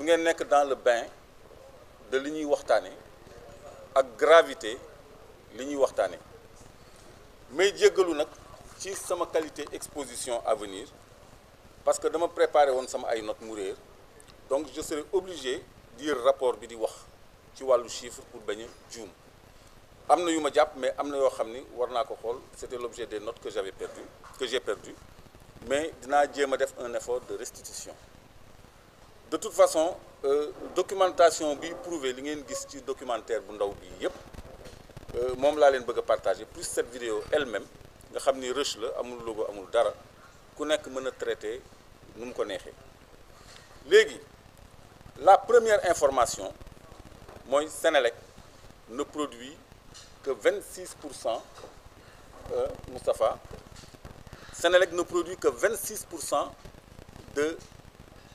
pour ngeen dans le bain de liñuy ñuy ak gravité liñuy ñuy mais may nak ci sama qualité exposition à venir parce que dama préparé won sama ay notes mourir mourir. donc je serai obligé dire rapport bi di wax ci walu chiffre pour baña a amna yuma japp mais amna yo xamni xam war ko c'était l'objet des notes que j'avais perdu que j'ai perdu mais dina vais def un effort de restitution de toute façon euh, documentation bi prouvé li ngeen gis documentaire bu ndaw euh, partager plus cette vidéo elle-même nga xamni rush la amul logo amul la première information Sénélec ne produit que 26 euh, Sénélec ne produit que 26 de.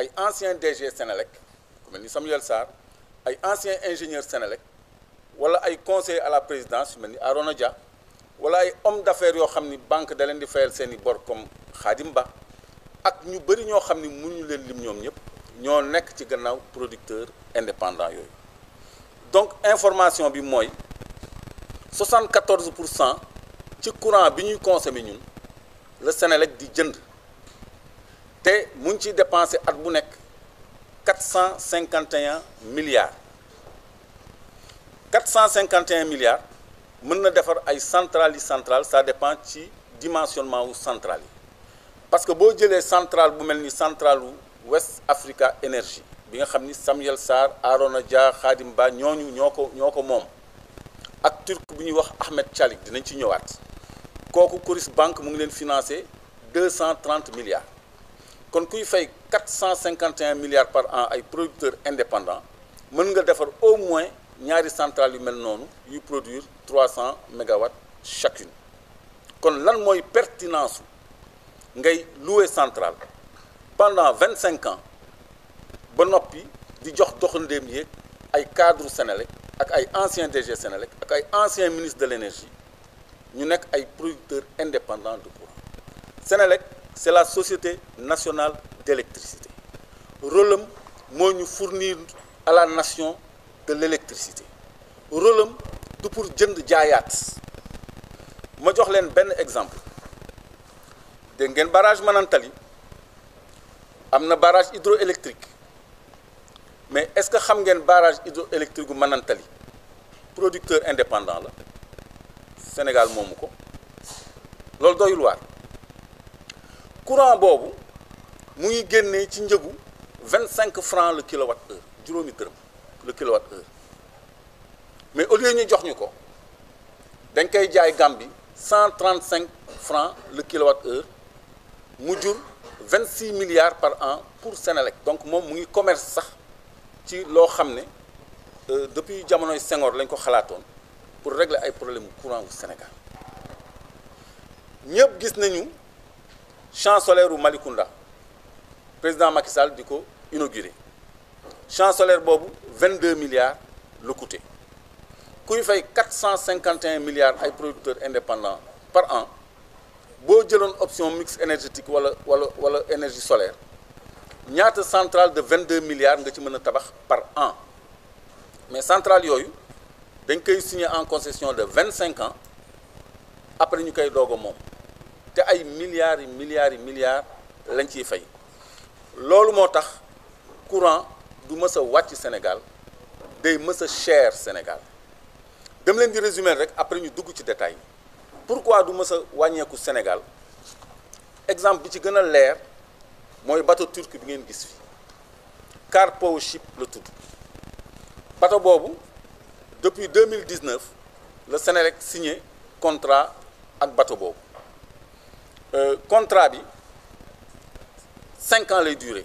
ay ancien DG Sénélec comme Samuel Sarr ay ancien ingénieur Sénélec wala ay conseiller à la présidence comme ni Arona Dia wala ay homme d'affaires qui xamni été banque de leen di fayal seni bor comme Khadim Ba ak ñu bari ño xamni ni mënuñu leen lim ñom ñep, ño nek ci gannaaw producteur indépendant donc information bi moy 74 du ci courant bi ñuy consommer ñun le Sénélec di jënd et mu dépensé 451 milliards 451 milliards mën na faire ay centrales centrales ça dépend du dimensionnement ou centrale parce que si on centrale bu centrale West Africa Energy bi Samuel Sarr Arona Dia Khadim Ba turc Ahmed Chalik, financé 230 milliards kon kuy fait 451 milliards par an à des producteurs indépendants mën nga faire au moins ñaari centrales yu mel noonu yu produire 300 mégawatts chacune kon lan mooy pertinence ngay louer centrale pendant 25 ans ba noppi di jox doxandéem yéeg ay cadre Sénélec ak ay ancien DG Sénélec ak ay ancien ministre de l'énergie. on ñu nek ay producteurs indépendants de courant Sénélec c'est la société nationale d'électricité rôle moi, nous fournir à la nation de l'électricité rôle tout pour jënd Jayat. Je vous donne un exemple avez un barrage Manantali am barrage hydroélectrique mais est-ce que xam un barrage hydroélectrique Manantali producteur indépendant là, Sénégal moomu ko loolu doyul courant bobu, mu ngi génnee ci njëgu 25 francs le kilowatt heure juróomi dërëm le kilowatt heure mais au lieu ñu jox ñuko dañ koy jaay Gambie 135 francs le kilowatt heure mu jur 26 milliards par an pour Sénélec donc mom mu commerce sax ci lo xamné euh, depuis jamono Senghor lañ ko xalaatoon pour régler ay problème courant au Sénégal ñëpp gis nañu champ solaire ou malikunda président Macky Sall inauguré champ solaire 22 milliards le coûté il 451 milliards de producteurs indépendants par an a une option mix énergétique énergie solaire, il énergie solaire une centrale de 22 milliards de ci par an mais centrale yoyu dañ koy signer en concession de 25 ans après nous. koy eu a a ay milliards des milliards et des milliards lañ ci fay lolu qui courant du mës wacc Sénégal day mës cher Sénégal dem leen di résumer rek après ñu dugg ci détail pourquoi du mës a Sénégal exemple bi ci gëna a moy bateau turc bi ngeen gis fi car pour ship le tout. bateau bobu depuis 2019 le Sénégal a signé contrat ak bateau bobu euh, contrat 5 ans les durer